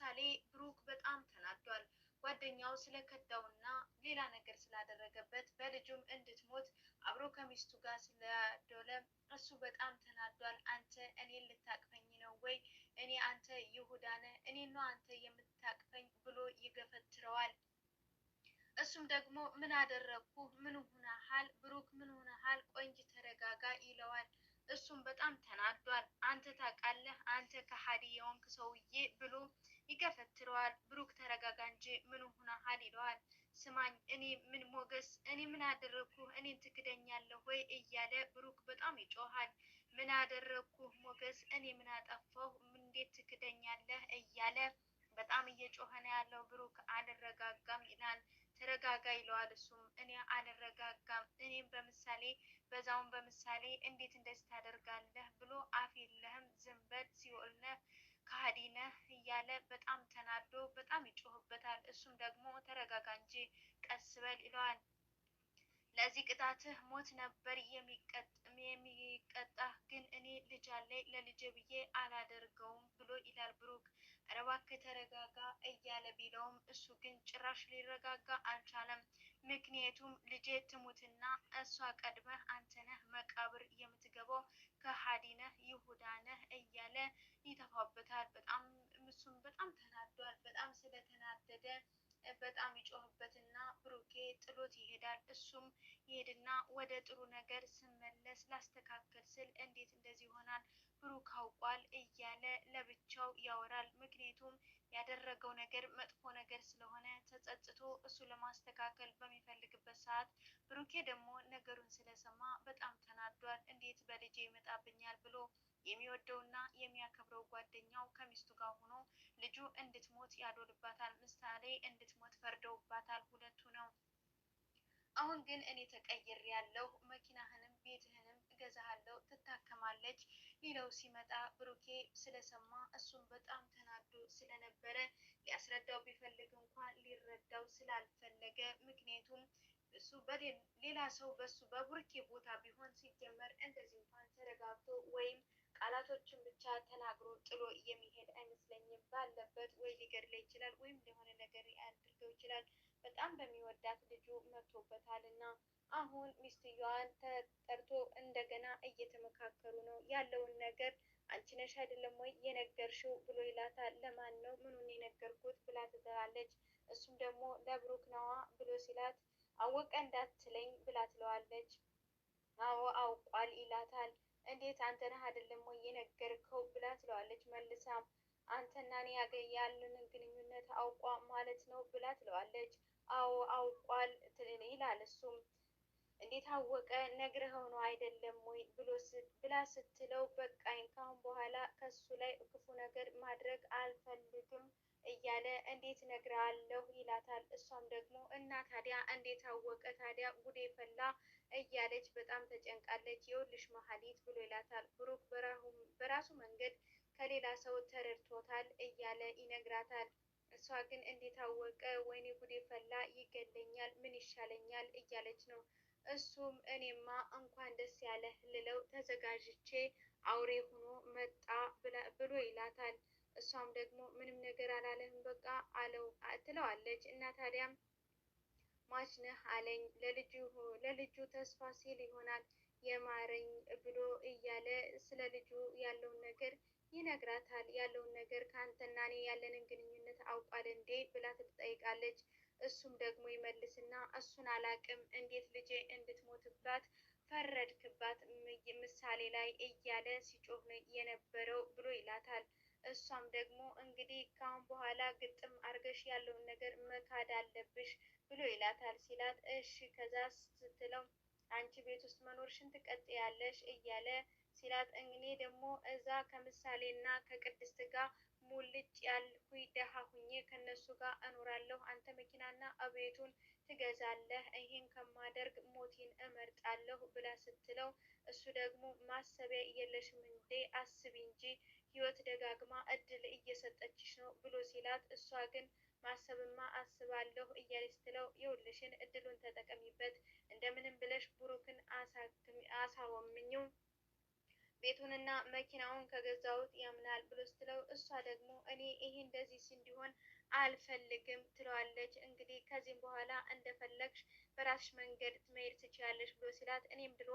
ለምሳሌ ብሩክ በጣም ተናዷል። ጓደኛው ስለከዳውና ሌላ ነገር ስላደረገበት በልጁም እንድትሞት አብሮ ከሚስቱ ጋር ስለዶለ እሱ በጣም ተናዷል። አንተ እኔን ልታቅፈኝ ነው ወይ? እኔ አንተ ይሁዳነ እኔ ነው አንተ የምታቅፈኝ ብሎ ይገፈትረዋል። እሱም ደግሞ ምን አደረግኩ? ምን ሆነሃል? ብሩክ ምን ሆነሃል? ቆንጅ ተረጋጋ ይለዋል። እሱም በጣም ተናዷል። አንተ ታውቃለህ፣ አንተ ከሀዲ የሆንክ ሰውዬ ብሎ ይገፈትረዋል። ብሩክ ተረጋጋ እንጂ ምን ሆነሃል ይለዋል። ስማኝ እኔ ምን ሞገስ፣ እኔ ምን አደረግኩ? እኔን ትክደኛለህ ወይ እያለ ብሩክ በጣም ይጮሃል። ምን አደረግኩ ሞገስ፣ እኔ ምን አጠፋሁ? እንዴት ትክደኛለህ? እያለ በጣም እየጮኸ ነው ያለው። ብሩክ አልረጋጋም ይላል። ተረጋጋ ይለዋል። እሱም እኔ አልረጋጋም፣ እኔም በምሳሌ በዛውን በምሳሌ እንዴት እንደዚህ ታደርጋለህ ብሎ አፍ የለህም፣ ዝም በል ነህ ከሃዲ ነህ እያለ በጣም ተናዶ በጣም ይጮህበታል። እሱም ደግሞ ተረጋጋ እንጂ ቀስ በል ይለዋል። ለዚህ ቅጣትህ ሞት ነበር የሚቀጣህ፣ ግን እኔ ልጅ አለኝ ለልጄ ብዬ አላደርገውም ብሎ ይላል ብሩክ። ኧረ እባክህ ተረጋጋ እያለ ቢለውም እሱ ግን ጭራሽ ሊረጋጋ አልቻለም። ምክንያቱም ልጄ ትሙትና እሷ ቀድመህ አንተ ነህ መቃብር የምት በጣም ይጮህበትና ብሩኬ ጥሎት ይሄዳል። እሱም ይሄድና ወደ ጥሩ ነገር ስመለስ ላስተካከል ስል እንዴት እንደዚህ ይሆናል ብሩክ አውቋል እያለ ለብቻው ያወራል። ምክንያቱም ያደረገው ነገር መጥፎ ነገር ስለሆነ ተጸጽቶ እሱ ለማስተካከል በሚፈልግበት ሰዓት ብሩኬ ደግሞ ነገሩን ስለሰማ በጣም ተናዷል። እንዴት በልጄ ይመጣብኛል ብሎ የሚወደውና የሚያከብረው ጓደኛው ከሚስቱ ጋር ሆኖ ልጁ እንድትሞት ያዶልባታል። ምሳሌ እንድትሞት ፈርደውባታል ሁለቱ ነው። አሁን ግን እኔ ያለው መኪናህንም ቤትህንም እገዛሃለሁ፣ ትታከማለች ሌላው ሲመጣ ብሩኬ ስለሰማ እሱም በጣም ተናዶ ስለነበረ ሊያስረዳው ቢፈልግ እንኳን ሊረዳው ስላልፈለገ ምክንያቱም እሱ ሌላ ሰው በሱ በብሩኬ ቦታ ቢሆን ሲጀመር እንደዚህ እንኳን ተረጋግቶ ወይም ቃላቶችን ብቻ ተናግሮ ጥሎ የሚሄድ አይመስለኝም። ባለበት ወይ ሊገድለው ይችላል ወይም ለሆነ ነገር ሊያድርገው ይችላል። በጣም በሚወዳት ልጁ መጥቶበታል እና አሁን ሚስትየዋን ተጠርቶ እንደገና እየተመካከሩ ነው ያለውን ነገር አንቺ ነሽ አይደለም ወይ የነገርሽው ብሎ ይላታል። ለማን ነው ምኑን የነገርኩት ብላ ትላለች። እሱም ደግሞ ለብሩክ ነዋ ብሎ ሲላት አወቀ እንዳትለኝ ብላ ትለዋለች። አዎ አውቋል ይላታል። እንዴት አንተ ነህ አይደለም ወይ የነገርከው ብላ ትለዋለች። መልሳም አንተና እኔ ያለንን ግንኙነት አውቋ ማለት ነው ብላ ትለዋለች። አዎ አውቋል ይላል። እሱም እንዴት አወቀ ነግረኸው ነው አይደለም ወይ ብላ ስትለው በቃኝ፣ ካሁን በኋላ ከሱ ላይ ክፉ ነገር ማድረግ አልፈልግም እያለ እንዴት ነግረሃለሁ ይላታል። እሷም ደግሞ እና ታዲያ እንዴት አወቀ ታዲያ ጉዴ ፈላ እያለች በጣም ተጨንቃለች። የውልሽ መሀሊት ብሎ ይላታል። ብሩክ በራሱ መንገድ ከሌላ ሰው ተረድቶታል እያለ ይነግራታል። እሷ ግን እንዲታወቀ ወይኔ ጉዴ ፈላ፣ ይገለኛል፣ ምን ይሻለኛል እያለች ነው። እሱም እኔማ እንኳን ደስ ያለህ ልለው ተዘጋጅቼ አውሬ ሆኖ መጣ ብሎ ይላታል። እሷም ደግሞ ምንም ነገር አላለህም በቃ አለው ትለዋለች እና ታዲያም ሟች ነህ አለኝ። ለልጁ ተስፋ ሲል ይሆናል የማረኝ ብሎ እያለ ስለ ልጁ ያለውን ነገር ይነግራታል። ያለውን ነገር ከአንተና እኔ ያለንን ግንኙነት አውቋል እንዴ ብላ ትጠይቃለች። እሱም ደግሞ ይመልስና እሱን አላቅም፣ እንዴት ልጄ እንድትሞትባት ፈረድክባት ምሳሌ ላይ እያለ ሲጮህ የነበረው ብሎ ይላታል። እሷም ደግሞ እንግዲህ ካሁን በኋላ ግጥም አርገሽ ያለውን ነገር መካድ አለብሽ ብሎ ይላታል። ሲላት እሺ ከዛ ስትለው አንቺ ቤት ውስጥ መኖርሽን ትቀጥያለሽ እያለ ሲላት እኔ ደግሞ እዛ ከምሳሌና ከቅድስት ጋር ሙልጭ ያልኩኝ ደሃ ሁኜ ከነሱ ጋር እኖራለሁ። አንተ መኪናና አቤቱን ትገዛለህ። ይህን ከማደርግ ሞቴን እመርጣለሁ ብላ ስትለው እሱ ደግሞ ማሰቢያ የለሽም እንዴ አስቢ እንጂ ህይወት ደጋግማ እድል እየሰጠችሽ ነው ብሎ ሲላት እሷ ግን ማሰብማ አስባለሁ እያለች ስትለው ይኸውልሽን እድሉን ተጠቀሚበት እንደምንም ብለሽ ብሩክን አሳወምኝው ቤቱንና መኪናውን ከገዛሁት ያምናል ብሎ ስትለው እሷ ደግሞ እኔ ይሄ እንደዚህ እንዲሆን አልፈልግም ትለዋለች። እንግዲህ ከዚህም በኋላ እንደፈለግሽ በራስሽ መንገድ መሄድ ትችላለች ብሎ ሲላት እኔም ድሮ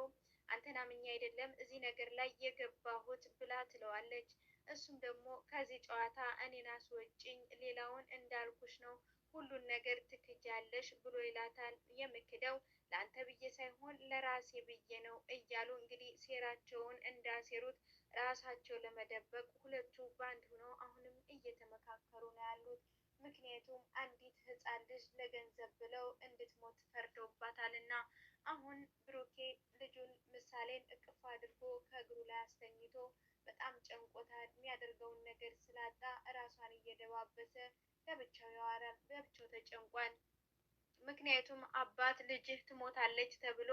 አንተን አምኜ አይደለም እዚህ ነገር ላይ የገባሁት ብላ ትለዋለች። እሱም ደግሞ ከዚህ ጨዋታ እኔን ወጪኝ ሌላውን እንዳልኩሽ ነው ሁሉን ነገር ትክጃለሽ ብሎ ይላታል። የምክደው ለአንተ ብዬ ሳይሆን ለራሴ ብዬ ነው እያሉ እንግዲህ ሴራቸውን እንዳሴሩት ራሳቸው ለመደበቅ ሁለቱ ባንድ ሆነው አሁንም እየተመካከሩ ነው ያሉት። ምክንያቱም አንዲት ሕፃን ልጅ ለገንዘብ ብለው እንድትሞት ፈርዶባታልና አሁን ብሩኬ ልጁን ምሳሌን እቅፍ አድርጎ ከእግሩ ላይ አስተኝቶ በጣም ጨንቆታል። የሚያደርገውን ነገር ስላጣ እራሷን እየደባበሰ ለብቻው ያወራል፣ ለብቻው ተጨንቋል። ምክንያቱም አባት ልጅህ ትሞታለች ተብሎ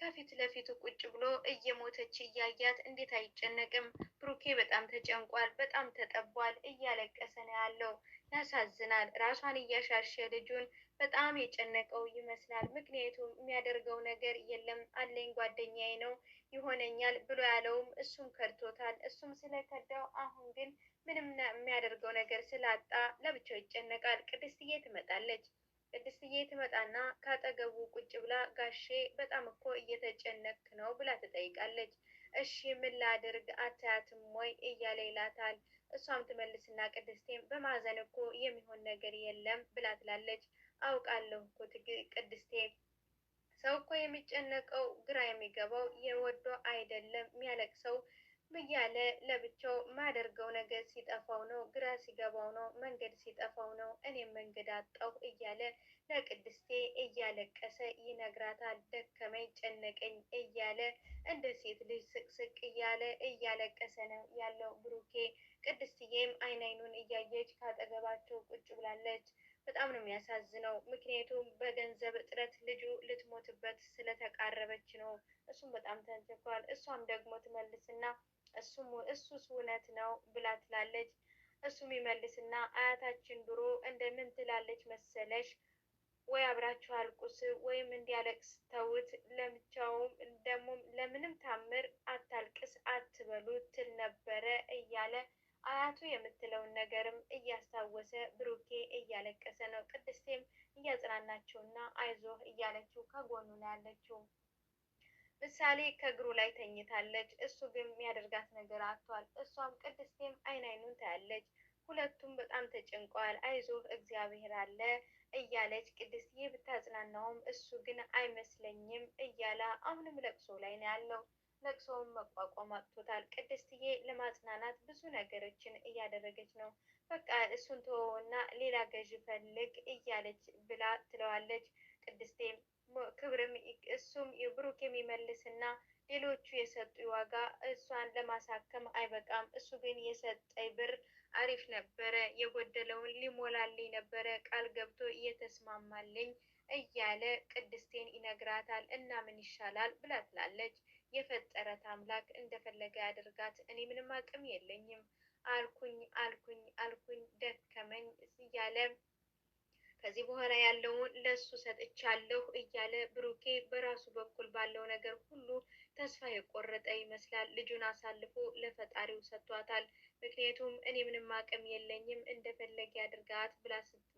ከፊት ለፊቱ ቁጭ ብሎ እየሞተች እያያት እንዴት አይጨነቅም? ብሩኬ በጣም ተጨንቋል፣ በጣም ተጠቧል፣ እያለቀሰ ነው ያለው። ያሳዝናል። ራሷን እያሻሸ ልጁን በጣም የጨነቀው ይመስላል። ምክንያቱም የሚያደርገው ነገር የለም። አለኝ ጓደኛዬ ነው ይሆነኛል ብሎ ያለውም እሱም ከድቶታል። እሱም ስለከዳው አሁን ግን ምንም የሚያደርገው ነገር ስላጣ ለብቻው ይጨነቃል። ቅድስትዬ ትመጣለች። ቅድስትዬ ትመጣና ካጠገቡ ቁጭ ብላ ጋሼ በጣም እኮ እየተጨነክ ነው ብላ ትጠይቃለች። እሺ ምን ላድርግ አታያትም ወይ እያለ ይላታል። እሷም ትመልስና ቅድስቴም በማዘን እኮ የሚሆን ነገር የለም ብላ ትላለች። አውቃለሁ እኮ ቅድስቴ ሰው እኮ የሚጨነቀው ግራ የሚገባው የወዶ አይደለም የሚያለቅሰው እያለ ለብቻው ማደርገው ነገር ሲጠፋው ነው፣ ግራ ሲገባው ነው፣ መንገድ ሲጠፋው ነው። እኔም መንገድ አጣሁ እያለ ለቅድስቴ እያለቀሰ ይነግራታል። ደከመኝ ጨነቀኝ እያለ እንደ ሴት ልጅ ስቅስቅ እያለ እያለቀሰ ነው ያለው ብሩኬ። ቅድስትዬም አይን አይኑን እያየች ካጠገባቸው ቁጭ ብላለች። በጣም ነው የሚያሳዝነው። ምክንያቱም በገንዘብ እጥረት ልጁ ልትሞትበት ስለተቃረበች ነው። እሱም በጣም ተንትቷል። እሷም ደግሞ ትመልስና እሱም እሱስ እውነት ነው ብላ ትላለች። እሱም ይመልስና አያታችን ድሮ እንደምን ትላለች መሰለሽ ወይ አብራችሁ አልቁስ ወይም እንዲያለቅስ ተውት፣ ለምቻውም ደግሞ ለምንም ታምር አታልቅስ አትበሉት ትል ነበረ እያለ አያቱ የምትለውን ነገርም እያስታወሰ ብሩኬ እያለቀሰ ነው። ቅድስቴም እያጽናናችው እና አይዞህ እያለችው ከጎኑ ነው ያለችው። ምሳሌ ከእግሩ ላይ ተኝታለች። እሱ ግን የሚያደርጋት ነገር አጥቷል። እሷም ቅድስቴም አይን አይኑን ታያለች። ሁለቱም በጣም ተጨንቀዋል። አይዞህ እግዚአብሔር አለ እያለች ቅድስቴ ብታጽናናውም እሱ ግን አይመስለኝም እያለ አሁንም ለቅሶ ላይ ነው ያለው። ለቅሶውን መቋቋም አቅቶታል። ቅድስትዬ ለማጽናናት ብዙ ነገሮችን እያደረገች ነው። በቃ እሱን እና ሌላ ገዥ ፈልግ እያለች ብላ ትለዋለች። ቅድስቴ ክብርም እሱም ብሩክ የሚመልስና ሌሎቹ የሰጡ ዋጋ እሷን ለማሳከም አይበቃም። እሱ ግን የሰጠኝ ብር አሪፍ ነበረ፣ የጎደለውን ሊሞላልኝ ነበረ፣ ቃል ገብቶ እየተስማማልኝ እያለ ቅድስቴን ይነግራታል። እና ምን ይሻላል ብላ ትላለች። የፈጠረት አምላክ እንደፈለገ ያደርጋት፣ እኔ ምንም አቅም የለኝም አልኩኝ አልኩኝ አልኩኝ ደከመኝ እያለ ከዚህ በኋላ ያለውን ለሱ ሰጥቻለሁ እያለ ብሩኬ በራሱ በኩል ባለው ነገር ሁሉ ተስፋ የቆረጠ ይመስላል። ልጁን አሳልፎ ለፈጣሪው ሰጥቷታል። ምክንያቱም እኔ ምንም አቅም የለኝም እንደፈለገ ያድርጋት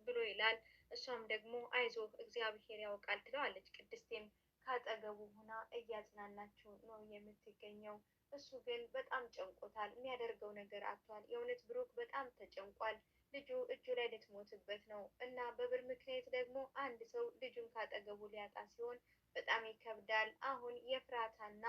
ብሎ ይላል። እሷም ደግሞ አይዞህ እግዚአብሔር ያውቃል ትለዋለች ቅድስቴም ከአጠገቡ ሆና እያዝናናችው ነው የምትገኘው። እሱ ግን በጣም ጨንቆታል። የሚያደርገው ነገር አጥቷል። የእውነት ብሩክ በጣም ተጨንቋል። ልጁ እጁ ላይ ልትሞትበት ነው እና በብር ምክንያት ደግሞ አንድ ሰው ልጁን ካጠገቡ ሊያጣ ሲሆን በጣም ይከብዳል። አሁን የፍራታና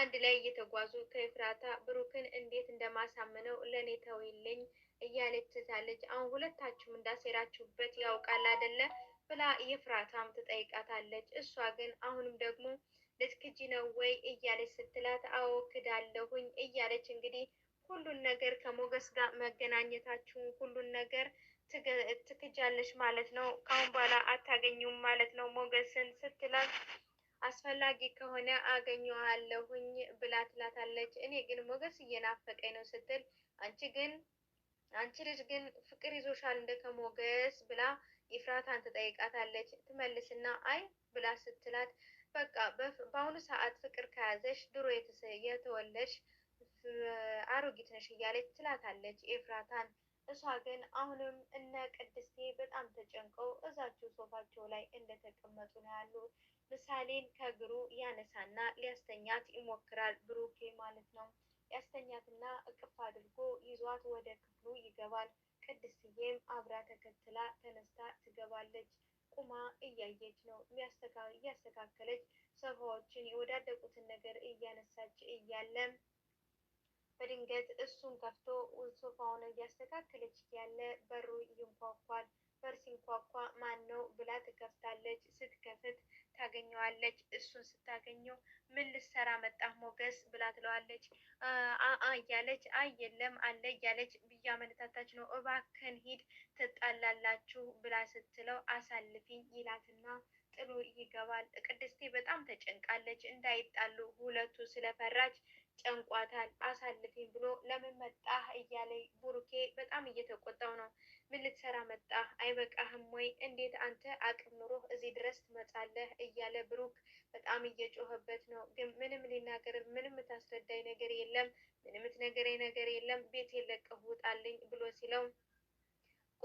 አንድ ላይ እየተጓዙ ከፍራታ ብሩክን እንዴት እንደማሳምነው ለእኔ ተውልኝ እያለች ትታለች። አሁን ሁለታችሁም እንዳሴራችሁበት ያውቃል አደለ? ብላ የፍራታም ትጠይቃታለች። እሷ ግን አሁንም ደግሞ ልትክጂ ነው ወይ እያለች ስትላት አዎ ክዳለሁኝ እያለች እንግዲህ ሁሉን ነገር ከሞገስ ጋር መገናኘታችሁ ሁሉን ነገር ትክጃለች ማለት ነው፣ ካሁን በኋላ አታገኙም ማለት ነው ሞገስን ስትላት አስፈላጊ ከሆነ አገኘዋለሁኝ ብላ ትላታለች። እኔ ግን ሞገስ እየናፈቀኝ ነው ስትል አንቺ ግን አንቺ ልጅ ግን ፍቅር ይዞሻል እንደ ከሞገስ ብላ ኢፍራታን ትጠይቃታለች። ትመልስና አይ ብላ ስትላት በቃ በአሁኑ ሰዓት ፍቅር ከያዘሽ ድሮ የተወለድሽ አሮጊት ነሽ እያለች ትላታለች ኤፍራታን። እሷ ግን አሁንም እነ ቅድስቴ በጣም ተጨንቀው እዛቸው ሶፋቸው ላይ እንደተቀመጡ ነው ያሉ። ምሳሌን ከእግሩ ያነሳና ሊያስተኛት ይሞክራል ብሩኬ ማለት ነው። ያስተኛትና እቅፍ አድርጎ ይዟት ወደ ክፍሉ ይገባል። ቅድስትዬም አብራ ተከትላ ተነስታ ትገባለች። ቁማ እያየች ነው እያስተካከለች ሶፋዎችን የወዳደቁትን ነገር እያነሳች እያለ። በድንገት እሱን ከፍቶ ሶፋውን እያስተካከለች ያለ በሩ ይንኳኳል። በር ሲንኳኳ ማን ነው ብላ ትከፍታለች። ስትከፍት ታገኘዋለች። እሱን ስታገኘው ምን ልትሰራ መጣህ ሞገስ ብላ ትለዋለች። አአ እያለች አይ የለም አለ እያለች ብያመነታታች ነው። እባክህን ሂድ ትጣላላችሁ ብላ ስትለው አሳልፊኝ ይላትና ጥሎ ይገባል። ቅድስቴ በጣም ተጨንቃለች። እንዳይጣሉ ሁለቱ ስለፈራች ጨንቋታል። አሳልፊኝ ብሎ ለምን መጣህ እያለ ቡሩኬ በጣም እየተቆጣው ነው። ምን ልትሰራ መጣ? አይበቃህም ወይ? እንዴት አንተ አቅም ኑሮህ እዚህ ድረስ ትመጣለህ? እያለ ብሩክ በጣም እየጮኸበት ነው። ግን ምንም ሊናገር ምንም የምታስረዳኝ ነገር የለም፣ ምንም የምትነግረኝ ነገር የለም፣ ቤት የለቀህ ውጣልኝ ብሎ ሲለው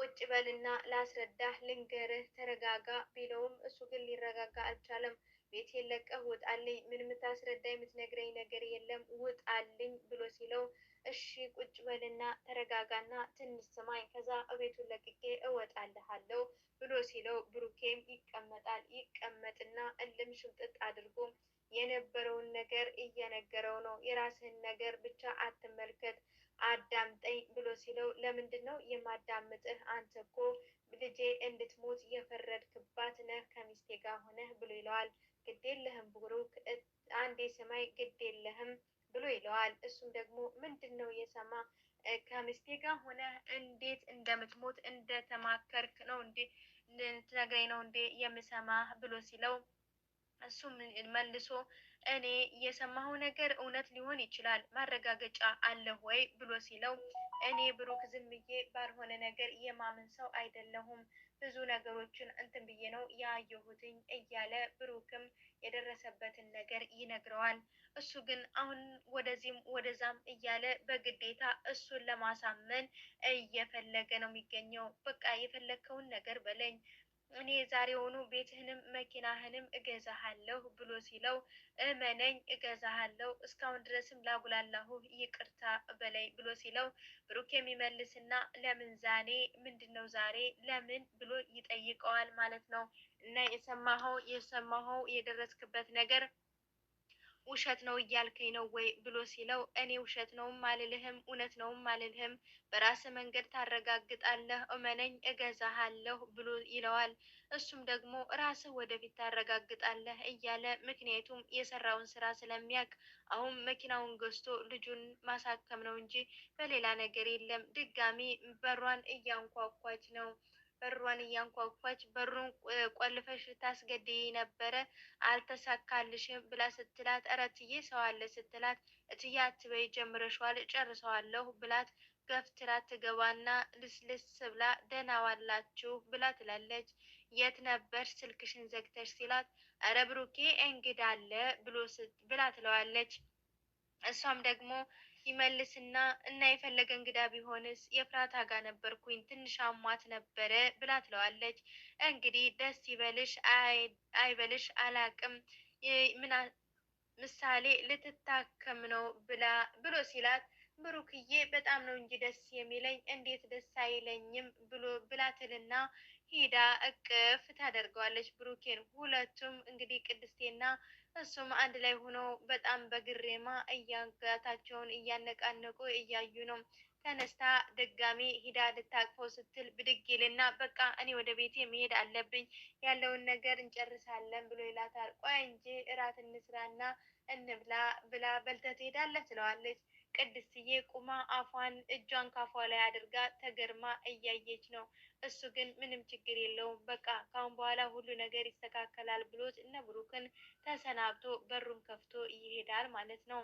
ቁጭ በልና ላስረዳህ፣ ልንገርህ፣ ተረጋጋ ቢለውም እሱ ግን ሊረጋጋ አልቻለም። ቤት የለቀህ ውጣልኝ፣ ምንም የምታስረዳኝ የምትነግረኝ ነገር የለም፣ ውጣልኝ ብሎ ሲለው እሺ ቁጭ በልና ተረጋጋና ትንሽ ስማኝ፣ ከዛ እቤቱን ለቅቄ እወጣልሃለሁ ብሎ ሲለው ብሩኬም ይቀመጣል። ይቀመጥና እልም ሽምጥጥ አድርጎ የነበረውን ነገር እየነገረው ነው። የራስህን ነገር ብቻ አትመልከት፣ አዳምጠኝ ብሎ ሲለው ለምንድን ነው የማዳምጥህ? አንተ እኮ ልጄ እንድትሞት የፈረድክባት ነህ ከሚስቴ ጋር ሆነህ ብሎ ይለዋል። ግዴለህም ብሩክ፣ አንዴ ስማኝ፣ ግዴለህም ብሎ ይለዋል። እሱም ደግሞ ምንድን ነው የሰማ ከሚስቴ ጋር ሆነ እንዴት እንደምትሞት እንደተማከርክ ነው እንዴ ልትነግረኝ ነው እንዴ የምሰማ ብሎ ሲለው እሱም መልሶ እኔ የሰማኸው ነገር እውነት ሊሆን ይችላል ማረጋገጫ አለ ወይ ብሎ ሲለው እኔ ብሩክ ዝምዬ ባልሆነ ነገር የማምን ሰው አይደለሁም ብዙ ነገሮችን እንትን ብዬ ነው ያየሁትኝ እያለ ብሩክም የደረሰበትን ነገር ይነግረዋል። እሱ ግን አሁን ወደዚህም ወደዛም እያለ በግዴታ እሱን ለማሳመን እየፈለገ ነው የሚገኘው። በቃ የፈለግከውን ነገር በለኝ እኔ ዛሬውኑ ቤትህንም መኪናህንም እገዛሃለሁ ብሎ ሲለው እመነኝ እገዛሃለሁ፣ እስካሁን ድረስም ላጉላላሁ ይቅርታ በላይ ብሎ ሲለው ብሩክ የሚመልስና ለምን ዛኔ ምንድን ነው ዛሬ ለምን ብሎ ይጠይቀዋል ማለት ነው። እና የሰማኸው የሰማኸው የደረስክበት ነገር ውሸት ነው እያልከኝ ነው ወይ ብሎ ሲለው እኔ ውሸት ነውም አልልህም እውነት ነውም አልልህም በራስ መንገድ ታረጋግጣለህ፣ እመነኝ እገዛሃለሁ ብሎ ይለዋል። እሱም ደግሞ ራስህ ወደፊት ታረጋግጣለህ እያለ ምክንያቱም የሰራውን ስራ ስለሚያውቅ አሁን መኪናውን ገዝቶ ልጁን ማሳከም ነው እንጂ በሌላ ነገር የለም። ድጋሚ በሯን እያንኳኳች ነው። በሯን እያንኳኳች በሩን ቆልፈሽ ታስገድይ ነበረ አልተሳካልሽም ብላ ስትላት፣ እረ እትዬ ሰው አለ ስትላት፣ እትዬ አትበይ ጀምረሽዋል እጨርሰዋለሁ ብላት ገፍትራ ትገባና ልስልስ ብላ ደህና ዋላችሁ ብላ ትላለች። የት ነበር ስልክሽን ዘግተሽ ሲላት፣ እረ ብሩኬ እንግዳ አለ ብላ ትለዋለች። እሷም ደግሞ ይመልስና እና የፈለገ እንግዳ ቢሆንስ የፍራታ ጋር ነበርኩኝ ትንሽ አሟት ነበረ ብላ ትለዋለች። እንግዲህ ደስ ይበልሽ አይበልሽ አላቅም ምና ምሳሌ ልትታከም ነው ብላ ብሎ ሲላት ብሩክዬ በጣም ነው እንጂ ደስ የሚለኝ እንዴት ደስ አይለኝም ብሎ ብላትልና ሂዳ እቅፍ ታደርገዋለች ብሩኬን። ሁለቱም እንግዲህ ቅድስቴና እሱም አንድ ላይ ሆኖ በጣም በግሬማ እያጋታቸውን እያነቃነቁ እያዩ ነው። ተነስታ ደጋሜ ሂዳ ልታቅፈው ስትል ብድጌልና በቃ እኔ ወደ ቤቴ መሄድ አለብኝ ያለውን ነገር እንጨርሳለን ብሎ ይላታል። ቆይ እንጂ እራት እንስራና እንብላ ብላ በልተ ትሄዳለ ትለዋለች። ቅድስትዬ ቁማ አፏን እጇን ካፏ ላይ አድርጋ ተገርማ እያየች ነው። እሱ ግን ምንም ችግር የለውም በቃ ካሁን በኋላ ሁሉ ነገር ይስተካከላል ብሎት እነ ብሩክን ተሰናብቶ በሩን ከፍቶ ይሄዳል ማለት ነው።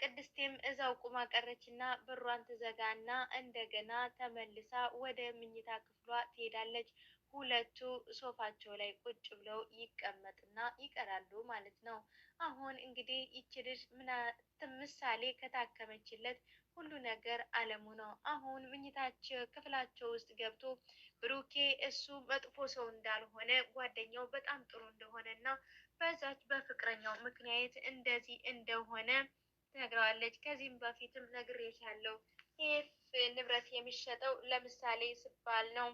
ቅድስቴም እዛው ቁማ ቀረችና በሯን ትዘጋና እንደገና ተመልሳ ወደ ምኝታ ክፍሏ ትሄዳለች። ሁለቱ ሶፋቸው ላይ ቁጭ ብለው ይቀመጥና ይቀራሉ ማለት ነው። አሁን እንግዲህ ይቺ ልጅ ምሳሌ ከታከመችለት ሁሉ ነገር አለሙ ነው። አሁን ምኝታቸው ክፍላቸው ውስጥ ገብቶ ብሩኬ እሱ መጥፎ ሰው እንዳልሆነ ጓደኛው በጣም ጥሩ እንደሆነ እና በዛች በፍቅረኛው ምክንያት እንደዚህ እንደሆነ ትነግረዋለች። ከዚህም በፊትም ነግሬሻለሁ ይህ ንብረት የሚሸጠው ለምሳሌ ስባል ነው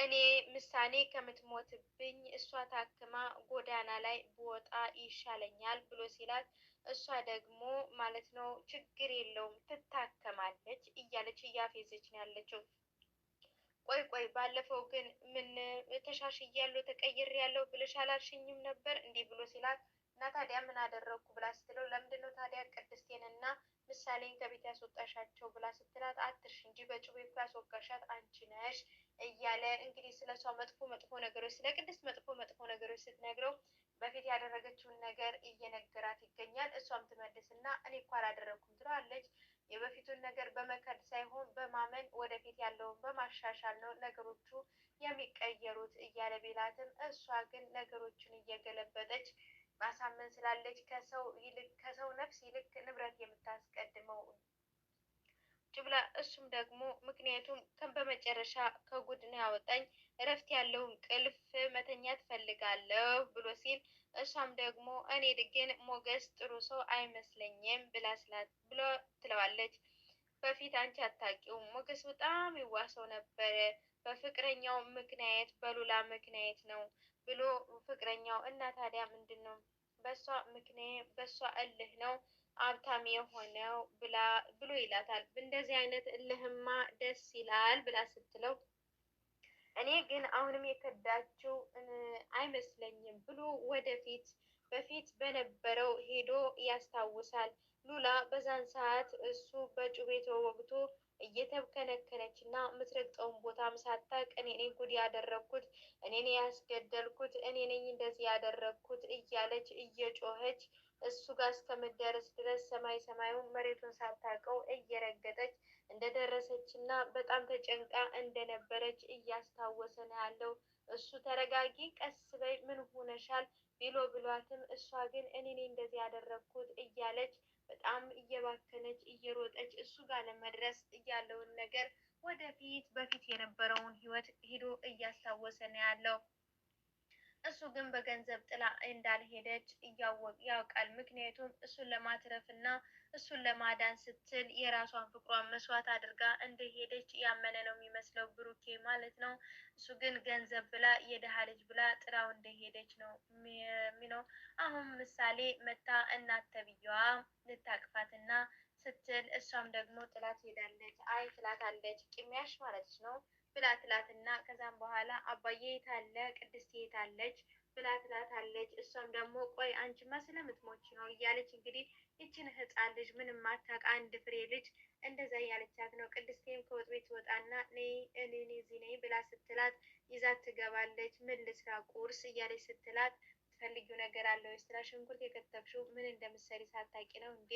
እኔ ምሳሌ ከምትሞትብኝ እሷ ታክማ ጎዳና ላይ ብወጣ ይሻለኛል ብሎ ሲላት እሷ ደግሞ ማለት ነው ችግር የለውም ትታከማለች እያለች እያፌዘች ነው ያለችው። ቆይ ቆይ ባለፈው ግን ምን ተሻሽያለሁ ተቀይር ያለው ብለሽ አላልሽኝም ነበር እንዲህ ብሎ ሲላት እና ታዲያ ምን አደረግኩ ብላ ስትለው ለምንድን ነው ታዲያ ቅድስቴን እና ምሳሌን ከቤት ያስወጣሻቸው ብላ ስትላት አትርሽ እንጂ በጩቤ እኮ ያስወጋሻት አንቺ ነሽ እያለ እንግዲህ ስለ እሷ መጥፎ መጥፎ ነገሮች ስለ ቅድስት መጥፎ መጥፎ ነገሮች ስትነግረው በፊት ያደረገችውን ነገር እየነገራት ይገኛል። እሷም ትመልስና እኔ እኮ አላደረኩም ትለዋለች። የበፊቱን ነገር በመከድ ሳይሆን በማመን ወደፊት ያለውን በማሻሻል ነው ነገሮቹ የሚቀየሩት እያለ ቢላትም እሷ ግን ነገሮችን እየገለበጠች ማሳመን ስላለች ከሰው ይልቅ ከሰው ነፍስ ይልቅ ንብረት የምታስቀድመው ብላ እሱም ደግሞ ምክንያቱም በመጨረሻ ከጉድን ያወጣኝ እረፍት ያለውን እንቅልፍ መተኛት ፈልጋለሁ ብሎ ሲል እሷም ደግሞ እኔ ግን ሞገስ ጥሩ ሰው አይመስለኝም ብሎ ትለዋለች። በፊት አንቺ አታውቂውም፣ ሞገስ በጣም ይዋሰው ነበረ። በፍቅረኛው ምክንያት በሉላ ምክንያት ነው ብሎ ፍቅረኛው እና ታዲያ ምንድን ነው በእሷ ምክንያት በእሷ እልህ ነው ሀብታም የሆነው ብሎ ይላታል። እንደዚህ አይነት እልህማ ደስ ይላል ብላ ስትለው እኔ ግን አሁንም የከዳችው አይመስለኝም ብሎ ወደፊት በፊት በነበረው ሄዶ ያስታውሳል። ሉላ በዛን ሰዓት እሱ በጩቤ ተወግቶ እየተብከነከነች እና የምትረግጠውን ቦታም ሳታቅ እኔ ነኝ ጉድ ያደረግኩት፣ እኔ ነኝ ያስገደልኩት፣ እኔ ነኝ እንደዚህ ያደረግኩት እያለች እየጮኸች እሱ ጋር እስከመዳረስ ድረስ ሰማይ ሰማዩን መሬቱን ሳታውቀው እየረገጠች እንደደረሰች እና በጣም ተጨንቃ እንደነበረች እያስታወሰ ነው ያለው። እሱ ተረጋጊ፣ ቀስ በይ፣ ምን ሆነሻል ቢሎ ብሏትም እሷ ግን እኔኔ እንደዚህ ያደረግኩት እያለች በጣም እየባከነች እየሮጠች እሱ ጋር ለመድረስ ያለውን ነገር ወደፊት በፊት የነበረውን ህይወት ሄዶ እያስታወሰ ነው ያለው። እሱ ግን በገንዘብ ጥላ እንዳልሄደች ያውቃል። ምክንያቱም እሱን ለማትረፍ እና እሱን ለማዳን ስትል የራሷን ፍቅሯን መስዋዕት አድርጋ እንደሄደች ያመነ ነው የሚመስለው ብሩኬ ማለት ነው። እሱ ግን ገንዘብ ብላ የድሃ ልጅ ብላ ጥላው እንደሄደች ነው የሚለው። አሁን ምሳሌ መታ እናት ተብዬዋ ልታቅፋት እና ስትል እሷም ደግሞ ጥላት ሄዳለች። አይ ትላታለች፣ ቅሚያሽ ማለት ነው ብላ እና ከዛም በኋላ አባዬ የታለ ቅድስት የታለች ብላ አለች። እሷም ደግሞ ቆይ አንቺማ ስለምትሞች ነው እያለች እንግዲህ ይችን ህፃን ልጅ ምንም ማታውቅ አንድ ፍሬ ልጅ እንደዛ እያለቻት ነው። ቅድስቴም ከወጥ ቤት ወጣና ነይ እኔ እዚህ ነይ ብላ ስትላት ይዛት ትገባለች። ምን ልስራ ቁርስ እያለች ስትላት ትፈልጊው ነገር አለው ስራ ሽንኩርት የከተፍሽው ምን እንደምትሰሪ ሳታቂ ነው እንዴ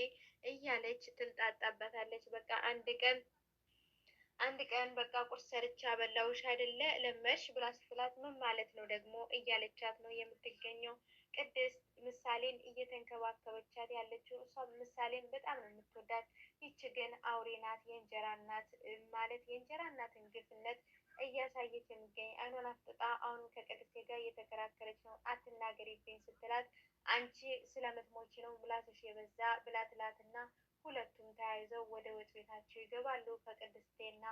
እያለች ትንጣጣበታለች። በቃ አንድ ቀን አንድ ቀን በቃ ቁርስ ሰርቻ በላውሽ አይደለ ለመሽ ብላ ስትላት ምን ማለት ነው ደግሞ እያለቻት ነው የምትገኘው። ቅድስት ምሳሌን እየተንከባከበቻት ያለችው እሷ ምሳሌን በጣም ነው የምትወዳት። ይች ግን አውሬ ናት፣ የእንጀራ እናት ማለት የእንጀራ እናትን ግፍነት እያሳየች የሚገኝ አይኗን አፍጥጣ አሁንም ከቅድስቴ ጋር እየተከራከረች ነው። አትናገሪብኝ ስትላት አንቺ ስለምትሞች ነው ምላስሽ የበዛ ብላትላትና ሁለቱም ተያይዘው ወደ ወጥ ቤታቸው ይገባሉ። ከቅድስቴና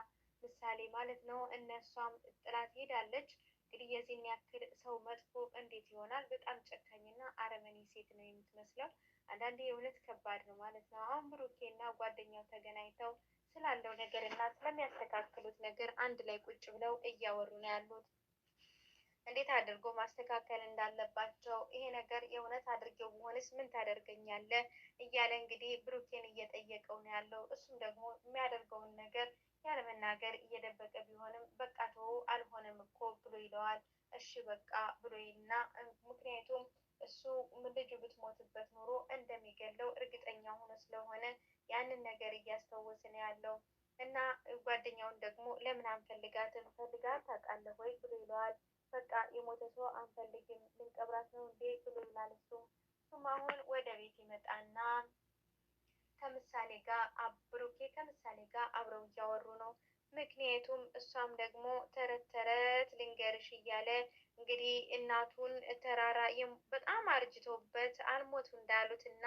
ምሳሌ ማለት ነው። እነሷም ጥላት ሄዳለች። እንግዲህ የዚህን ያክል ሰው መጥፎ እንዴት ይሆናል? በጣም ጨካኝና አረመኔ ሴት ነው የምትመስለው። አንዳንዴ የእውነት ከባድ ነው ማለት ነው። አሁን ብሩኬና ጓደኛው ተገናኝተው ስላለው ነገር እና ስለሚያስተካክሉት ነገር አንድ ላይ ቁጭ ብለው እያወሩ ነው ያሉት። እንዴት አድርጎ ማስተካከል እንዳለባቸው ይሄ ነገር የእውነት አድርጌው መሆንስ ምን ታደርገኛለ እያለ እንግዲህ ብሩኬን እየጠየቀው ነው ያለው። እሱም ደግሞ የሚያደርገውን ነገር ያለመናገር እየደበቀ ቢሆንም በቃ ተወው አልሆነም እኮ ብሎ ይለዋል። እሺ በቃ ይልና ምክንያቱም እሱ ልጁ ብትሞትበት ኑሮ እንደሚገለው እርግጠኛ ሆኖ ስለሆነ ያንን ነገር እያስታወሰ ነው ያለው እና ጓደኛውን ደግሞ ለምን አንፈልጋትም ፈልጋት ታውቃለህ ወይ ብሎ ይለዋል። በቃ የሞተ ሰው አንፈልግም ልንቀብራት ነው እንዴ ብሎ ይላል። እሱም እሱም አሁን ወደ ቤት ይመጣና ከምሳሌ ጋር ብሩኬ ከምሳሌ ጋር አብረው እያወሩ ነው። ምክንያቱም እሷም ደግሞ ተረት ተረት ልንገርሽ እያለ እንግዲህ እናቱን ተራራ በጣም አርጅቶበት አልሞቱ እንዳሉት እና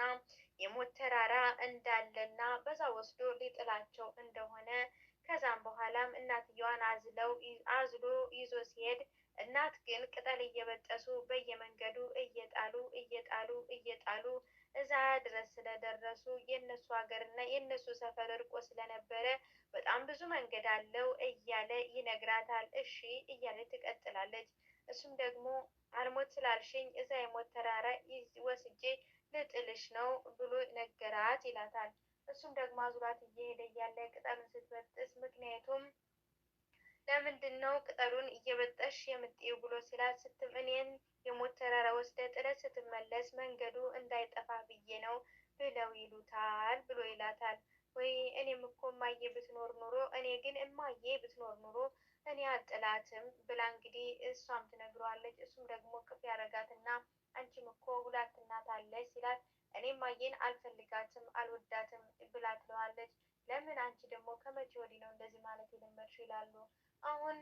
የሞት ተራራ እንዳለና በዛ ወስዶ ሊጥላቸው እንደሆነ ከዛም በኋላም እናትየዋን አዝለው አዝሎ ይዞ ሲሄድ እናት ግን ቅጠል እየበጠሱ በየመንገዱ እየጣሉ እየጣሉ እየጣሉ እዛ ድረስ ስለደረሱ የእነሱ እና የእነሱ ሰፈር እርቆ ስለነበረ በጣም ብዙ መንገድ አለው እያለ ይነግራታል። እሺ እያለች ትቀጥላለች። እሱም ደግሞ አልሞት ስላልሽኝ እዛ የሞት ተራራ ወስጄ ልጥልሽ ነው ብሎ ነገራት ይላታል። እሱም ደግሞ አዙራት እየሄደ እያለ ቅጠሉን ስትበጥስ ምክንያቱም ለምንድን ነው ቅጠሉን እየበጠሽ የምትይው ብሎ ሲላት ስትም እኔን የሞት ተራራ ወስደ ጥለት ስትመለስ መንገዱ እንዳይጠፋ ብዬ ነው ብለው ይሉታል ብሎ ይላታል። ወይ እኔም እኮ እማዬ ብትኖር ኑሮ እኔ ግን እማዬ ብትኖር ኑሮ እኔ አልጥላትም ብላ እንግዲህ እሷም ትነግረዋለች። እሱም ደግሞ ቅፍ ያረጋትና አንቺም እኮ ሁለት እናት አለች ሲላት እኔ እማዬን አልፈልጋትም አልወዳትም ብላ ትለዋለች። ለምን አንቺ ደግሞ ከመቼ ወዲህ ነው እንደዚህ ማለት የለመድሽው? ይላሉ። አሁን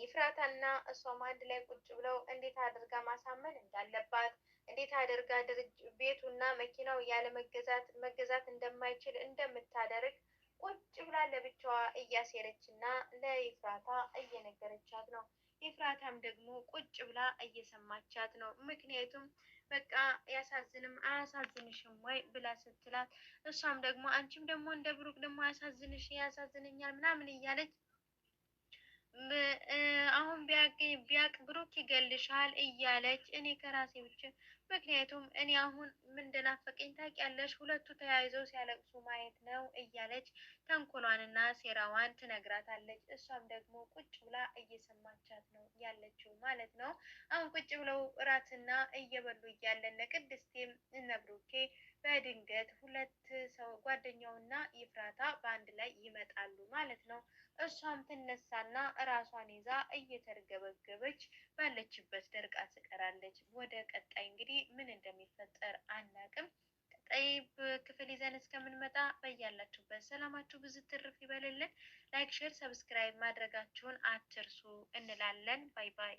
ይፍራታና እሷም አንድ ላይ ቁጭ ብለው እንዴት አድርጋ ማሳመን እንዳለባት እንዴት አድርጋ ቤቱና መኪናው ያለ መገዛት መገዛት እንደማይችል እንደምታደርግ ቁጭ ብላ ለብቻዋ እያሴረች እና ለይፍራታ እየነገረቻት ነው። ይፍራታም ደግሞ ቁጭ ብላ እየሰማቻት ነው። ምክንያቱም በቃ ያሳዝንም አያሳዝንሽም ወይ ብላ ስትላት፣ እሷም ደግሞ አንቺም ደግሞ እንደ ብሩክ ደግሞ ያሳዝንሽ ያሳዝነኛል ምናምን እያለች አሁን ቢያቅ ብሩክ ይገልሻል እያለች እኔ ከራሴ ውጭ ምክንያቱም እኔ አሁን ምንደናፈቀኝ ታውቂያለሽ፣ ሁለቱ ተያይዘው ሲያለቅሱ ማየት ነው እያለች ተንኮሏንና ሴራዋን ትነግራታለች። እሷም ደግሞ ቁጭ ብላ እየሰማቻት ነው ያለችው ማለት ነው። አሁን ቁጭ ብለው እራትና እየበሉ እያለን ቅድስቴም እነብሮኬ በድንገት ሁለት ሰው ጓደኛውና ይፍራታ በአንድ ላይ ይመጣሉ ማለት ነው። እሷም ትነሳና ራሷን ይዛ እየተርገበገበች ባለችበት ደርቃ ትቀራለች። ወደ ቀጣይ እንግዲህ ምን እንደሚፈጠር አናቅም። ቀጣይ ክፍል ይዘን እስከምንመጣ በያላችሁበት ሰላማችሁ ብዙ ትርፍ ይበልልን። ላይክ፣ ሼር፣ ሰብስክራይብ ማድረጋችሁን አትርሱ እንላለን። ባይ ባይ።